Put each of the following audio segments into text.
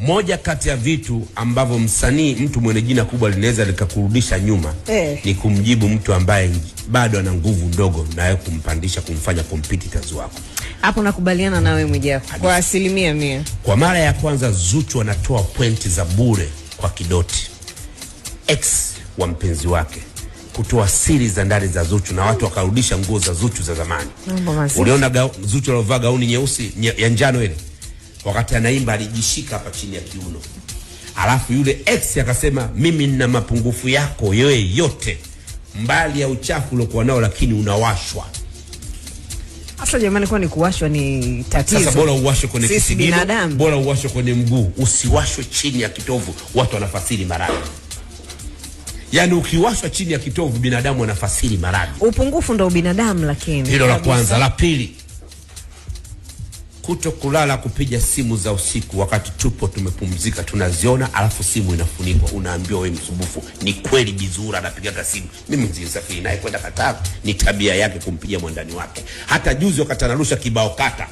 moja kati ya vitu ambavyo msanii, mtu mwenye jina kubwa, linaweza likakurudisha nyuma eh, ni kumjibu mtu ambaye bado ana nguvu ndogo, nawe kumpandisha, kumfanya competitors wako. Hapo nakubaliana wewe Mwijaku kwa asilimia mia. Kwa mara ya kwanza Zuchu anatoa pointi za bure kwa Kidoti, ex wa mpenzi wake, kutoa siri za ndani za Zuchu na watu wakarudisha nguo za Zuchu za zamani. Uliona Zuchu alovaa gauni nyeusi nye, ya njano ile wakati anaimba alijishika hapa chini ya kiuno, alafu yule ex akasema, mimi nina mapungufu yako yoye yote mbali ya uchafu uliokuwa nao, lakini unawashwa. Sasa jamani, kwani kuwashwa ni tatizo? Sasa bora uwashwe kwenye kisigino, bora uwashwe kwenye mguu, usiwashwe chini ya kitovu. Watu wanafasiri maradhi Yaani, ukiwashwa chini ya kitovu binadamu anafasiri maradhi. Upungufu ndo ubinadamu, lakini hilo la kwanza. La pili, kuto kulala kupiga simu za usiku wakati tupo tumepumzika, tunaziona alafu simu inafunikwa, unaambiwa wewe msumbufu. Ni kweli Bizura anapigaga simu, mimi nilisafiri naye kwenda Katara, ni tabia yake kumpiga mwandani wake. Hata juzi wakati anarusha kibao kata,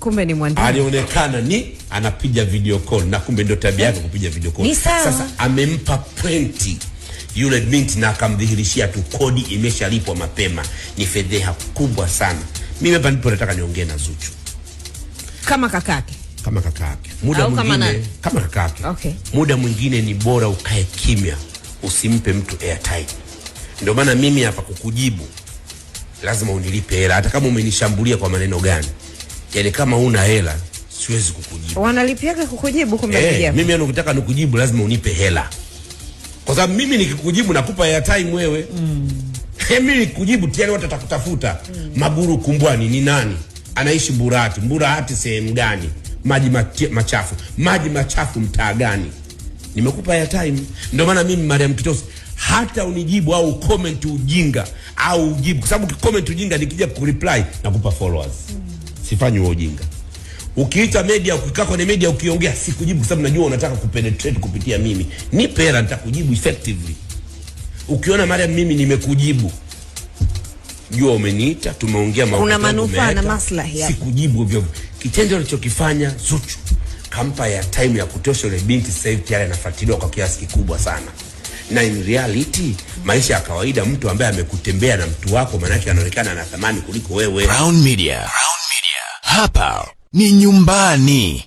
kumbe ni mwandani, alionekana ni anapiga video call, na kumbe ndio tabia yake kupiga video call. Sasa amempa pointi yule binti na akamdhihirishia tu kodi imeshalipwa mapema. Ni fedheha kubwa sana. Mimi hapa ndipo nataka niongee na Zuchu kama kakake kama kakake muda mwingine kama kakake okay. Muda mwingine ni bora ukae kimya, usimpe mtu airtime. Ndio maana mimi hapa kukujibu lazima unilipe hela, hata kama umenishambulia kwa maneno gani. Yani kama una hela siwezi kukujibu. Wanalipiaga kukujibu kumbe eh, mimi yani ukitaka nikujibu lazima unipe hela, kwa sababu mimi nikikujibu nakupa airtime wewe mm. mimi nikujibu tena watu watakutafuta mm. Maguru Kumbwani ni nani? anaishi Burati. Burati sehemu gani? Maji machafu, maji machafu mtaa gani? Nimekupa ya time. Ndio maana mimi Mariam Kitosi, hata unijibu au comment ujinga au ujibu, kwa sababu comment ujinga nikija kureply nakupa followers. Mm. Sifanyi wewe ujinga. Ukiita media, ukikaa kwenye media ukiongea, sikujibu kwa sababu najua unataka kupenetrate kupitia mimi. Nipe hela, nitakujibu effectively. Ukiona Mariam mimi nimekujibu jua umeniita, tumeongea mambo, kuna manufaa na maslahi hapo. Sikujibu hivyo. Kitendo alichokifanya Zuchu kampa ya time ya kutosha ile binti. Sasa hivi tayari anafuatiliwa kwa kiasi kikubwa sana, na in reality maisha ya kawaida, mtu ambaye amekutembea na mtu wako, maanake anaonekana ana thamani kuliko wewe. Crown Media. Crown Media, hapa ni nyumbani.